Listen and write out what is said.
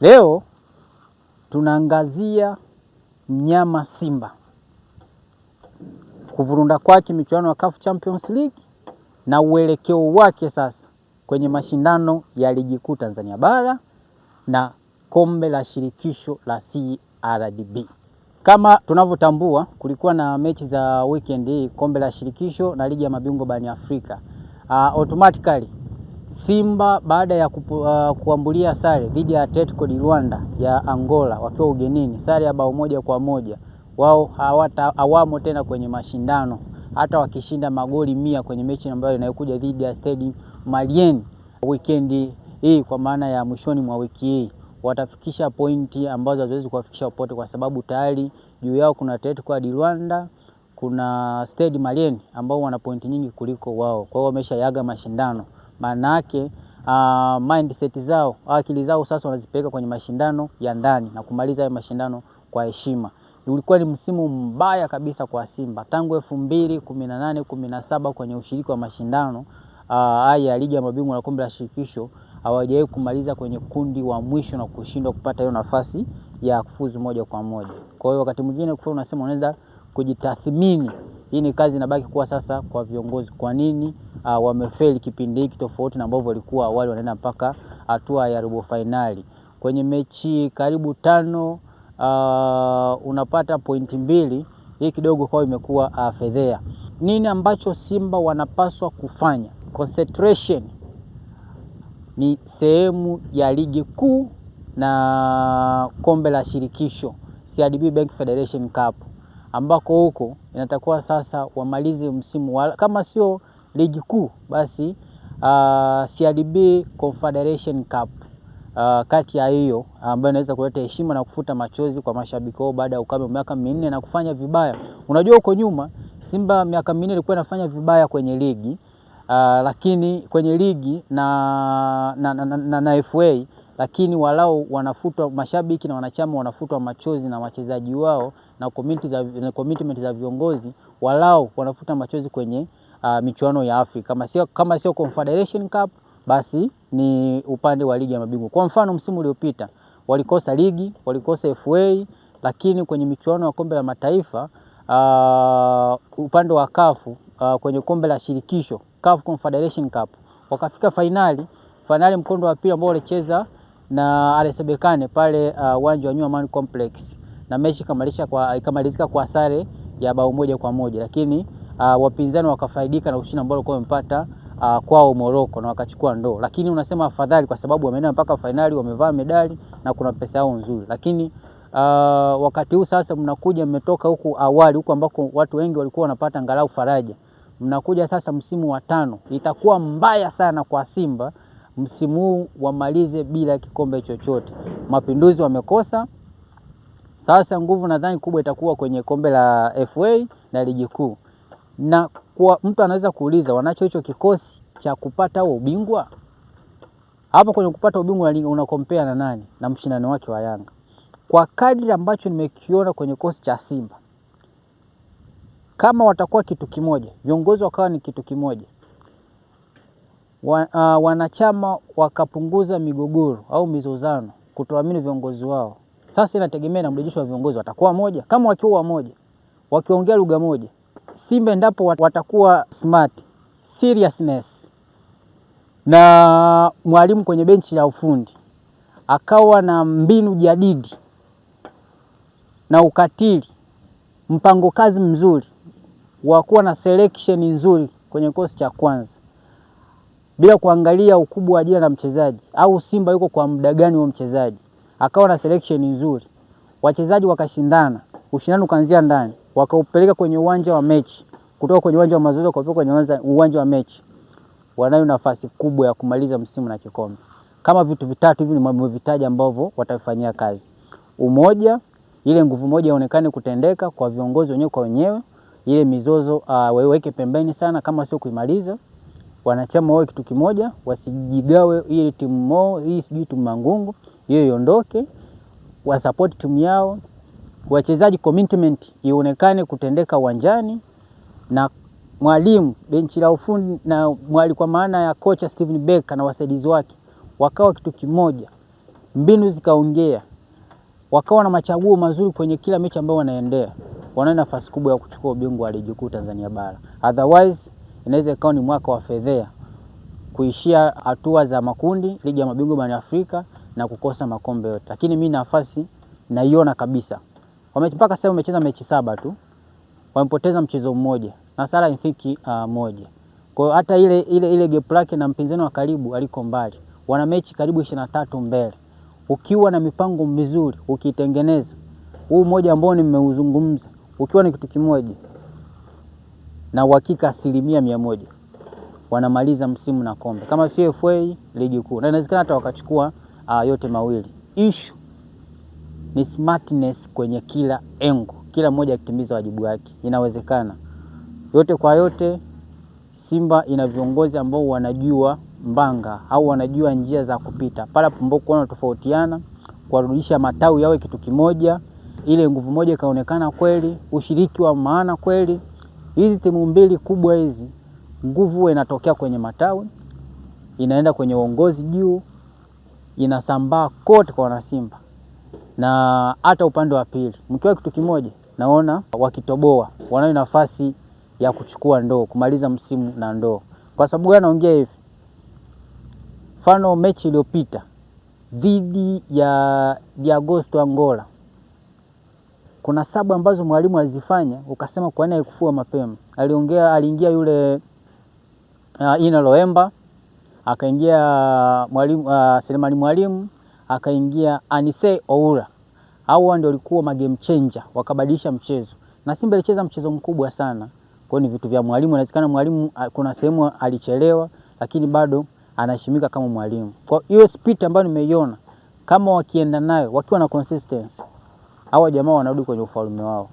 Leo tunaangazia mnyama Simba kuvurunda kwake michuano ya CAF Champions League na uelekeo wake sasa kwenye mashindano ya ligi kuu Tanzania bara na kombe la shirikisho la CRDB. Kama tunavyotambua, kulikuwa na mechi za weekend hii, kombe la shirikisho na ligi ya mabingwa barani Afrika. Uh, automatically Simba baada ya kupu, uh, kuambulia sare dhidi ya Atletico di Luanda ya Angola wakiwa ugenini, sare ya bao moja kwa moja, wao hawata awamo tena kwenye mashindano, hata wakishinda magoli mia kwenye mechi ambayo inayokuja dhidi ya Stade Malien weekend hii, kwa maana ya mwishoni mwa wiki hii watafikisha pointi ambazo haziwezi kuwafikisha popote, kwa sababu tayari juu yao kuna Atletico di Luanda, kuna Stade Malien ambao wana pointi nyingi kuliko wao, kwa hiyo wameshayaga mashindano maanake uh, mindset zao akili zao sasa wanazipeleka kwenye mashindano ya ndani na kumaliza hayo mashindano kwa heshima. Ulikuwa ni msimu mbaya kabisa kwa Simba tangu elfu mbili kumi na nane kumi na saba kwenye ushiriki wa mashindano ah, haya uh, ya ligi ya mabingwa na kombe la shirikisho hawajawahi kumaliza kwenye kundi wa mwisho na kushindwa kupata hiyo nafasi ya kufuzu moja kwa moja. Kwa hiyo wakati mwingine unasema unaweza kujitathmini hii ni kazi inabaki kuwa sasa kwa viongozi, kwa nini uh, wamefeli kipindi hiki tofauti na ambavyo walikuwa awali, wanaenda mpaka hatua ya robo fainali kwenye mechi karibu tano uh, unapata pointi mbili. Hii kidogo kwao imekuwa uh, fedhea. Nini ambacho Simba wanapaswa kufanya? Concentration ni sehemu ya ligi kuu na kombe la shirikisho CRDB Bank Federation Cup ambako huko inatakuwa sasa wamalize msimu wa, kama sio ligi kuu basi uh, ah, CRB Confederation Cup uh, kati ya hiyo ambayo inaweza kuleta heshima na kufuta machozi kwa mashabiki wao baada ya ukame miaka minne na kufanya vibaya. Unajua huko nyuma Simba miaka minne ilikuwa inafanya vibaya kwenye ligi uh, lakini kwenye ligi na, na, na, na, na, na FA lakini walau wanafutwa mashabiki na wanachama wanafutwa machozi na wachezaji wao na commitment za za viongozi, walau wanafuta machozi kwenye uh, michuano ya Afrika kama sio, kama sio Confederation Cup basi ni upande wa ligi ya mabingwa. Kwa mfano msimu uliopita walikosa ligi, walikosa FA, lakini kwenye michuano ya kombe la mataifa uh, upande wa CAF uh, kwenye kombe la shirikisho CAF Confederation Cup wakafika fainali, fainali mkondo wa pili ambao walicheza na RS Berkane pale uh, uwanja uh, wa Nyuman Complex na mechi ikamalizika kwa, ikamalizika kwa sare ya bao moja kwa moja, lakini uh, wapinzani wakafaidika na ushindi ambao walikuwa wamepata uh, kwao Morocco na wakachukua ndoo. Lakini unasema afadhali kwa sababu wameenda mpaka fainali, wamevaa medali na kuna pesa yao nzuri, lakini Uh, wakati huu sasa mnakuja mmetoka huku awali huku ambako watu wengi walikuwa wanapata angalau faraja, mnakuja sasa msimu wa tano, itakuwa mbaya sana kwa Simba msimu huu wamalize bila kikombe chochote. Mapinduzi wamekosa. Sasa nguvu nadhani kubwa itakuwa kwenye kombe la FA na ligi kuu, na kwa mtu anaweza kuuliza wanacho hicho kikosi cha kupata huo ubingwa? Hapo kwenye kupata ubingwa unakompea na nani na mshindani wake wa Yanga? Kwa kadri ambacho nimekiona kwenye kikosi cha Simba, kama watakuwa kitu kimoja, viongozi wakawa ni kitu kimoja wa, uh, ah, wanachama wakapunguza migogoro au mizozano, kutoamini viongozi wao. Sasa inategemea na mrejesho wa viongozi, watakuwa moja kama wakiwa wamoja, wakiongea lugha moja, Simba endapo watakuwa smart seriousness na mwalimu kwenye benchi ya ufundi akawa na mbinu jadidi na ukatili, mpango kazi mzuri wa kuwa na selection nzuri kwenye kikosi cha kwanza, bila kuangalia ukubwa wa jina la mchezaji au Simba yuko kwa muda gani wa mchezaji, akawa na selection nzuri, wachezaji wakashindana, ushindano ukaanzia ndani, wakaupeleka kwenye uwanja wa mechi, kutoka kwenye uwanja wa mazoezi wakaupeleka kwenye uwanja wa mechi, wanayo nafasi kubwa ya kumaliza msimu na kikombe. Kama vitu vitatu hivi nimevitaja ambavyo watafanyia kazi: umoja, ile nguvu moja ionekane kutendeka kwa viongozi wenyewe kwa wenyewe, ile mizozo uh, ah, waweke pembeni sana, kama sio kuimaliza wanachama wao kitu kimoja, wasijigawe ile timu mo hii sijui timu mangungu hiyo iondoke, support timu yao. Wachezaji commitment ionekane kutendeka uwanjani na mwalimu, benchi la ufundi na mwali kwa maana ya kocha Steven Becker na wasaidizi wake wakawa kitu kimoja, mbinu zikaongea, wakawa na machaguo mazuri kwenye kila mechi ambayo wanaendea, wana nafasi kubwa ya kuchukua ubingwa wa ligi kuu Tanzania bara otherwise inaweza ikawa ni mwaka wa fedhea kuishia hatua za makundi ligi ya mabingwa barani Afrika na kukosa makombe yote, lakini mi nafasi naiona kabisa. Mpaka sasa wamecheza mechi saba tu, wamepoteza mchezo mmoja na sare ifiki uh, ah, moja. Kwa hiyo hata ile, ile, ile gap lake na mpinzani wa karibu aliko mbali, wana mechi karibu 23 tatu mbele. Ukiwa na mipango mizuri, ukitengeneza huu mmoja ambao nimeuzungumza, ukiwa ni kitu kimoja na uhakika asilimia mia moja wanamaliza msimu na kombe kama CFA ligi kuu, na inawezekana hata wakachukua uh, yote mawili. ishu ni smartness kwenye kila engo, kila mmoja akitimiza wajibu wake, inawezekana. Yote kwa yote, Simba ina viongozi ambao wanajua mbanga au wanajua njia za kupita pale ambapo wanatofautiana, kuwarudisha matawi yawe kitu kimoja, ile nguvu moja ikaonekana kweli, ushiriki wa maana kweli Hizi timu mbili kubwa hizi, nguvu inatokea kwenye matawi, inaenda kwenye uongozi juu, inasambaa kote kwa wanasimba na hata upande wa pili. Mkiwa kitu kimoja, naona wakitoboa, wanayo nafasi ya kuchukua ndoo, kumaliza msimu na ndoo. Kwa sababu gani naongea hivi? Mfano mechi iliyopita dhidi ya Agosto Angola kuna sabu ambazo mwalimu alizifanya ukasema kwa nini haikufua mapema. Aliongea, aliingia yule uh, Ina Loemba akaingia mwalimu uh, Selemani Mwalimu akaingia Anise Oura. Hao ndio walikuwa magame changer, wakabadilisha mchezo na Simba ilicheza mchezo mkubwa sana. Kwa ni vitu vya mwalimu, inawezekana mwalimu uh, kuna sehemu alichelewa, lakini bado anaheshimika kama mwalimu. Kwa hiyo speed ambayo nimeiona kama wakienda nayo wakiwa na consistency hawa jamaa wanarudi kwenye ufalme wao.